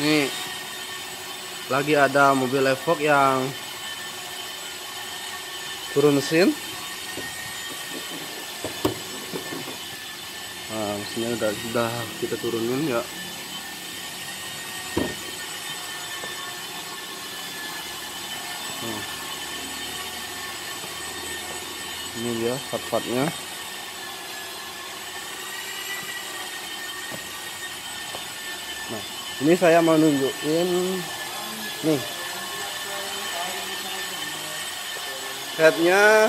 ini lagi ada mobil evok yang turun mesin nah mesinnya udah, udah kita turunin ya nah. ini dia part-partnya ini saya mau nunjukin nih headnya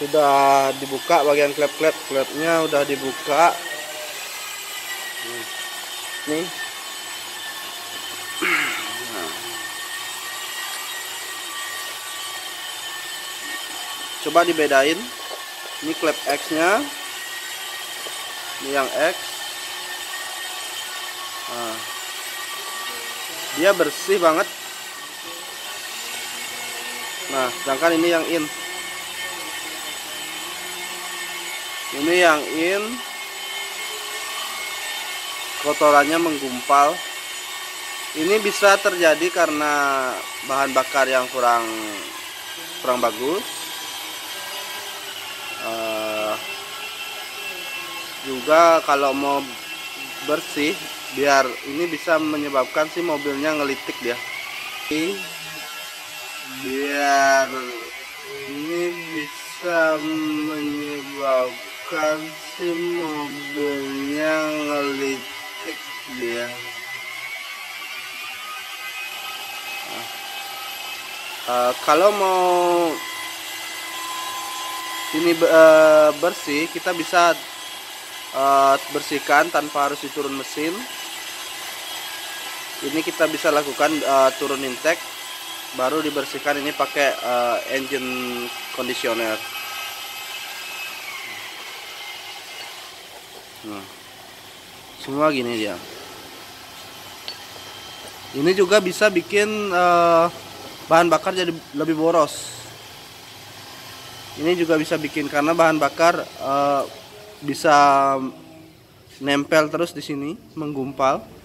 sudah dibuka bagian klep-klep klepnya udah dibuka nih, coba dibedain ini klep X nya ini yang X Ah. dia bersih banget nah sedangkan ini yang in ini yang in kotorannya menggumpal ini bisa terjadi karena bahan bakar yang kurang kurang bagus uh, juga kalau mau bersih biar ini bisa menyebabkan si mobilnya ngelitik dia ini biar ini bisa menyebabkan si mobilnya ngelitik dia nah, uh, kalau mau ini uh, bersih kita bisa uh, bersihkan tanpa harus diturun mesin ini kita bisa lakukan uh, eh, turun intake baru dibersihkan ini pakai uh, engine conditioner nah, semua gini dia ini juga bisa bikin uh, bahan bakar jadi lebih boros ini juga bisa bikin karena bahan bakar uh, bisa nempel terus di sini menggumpal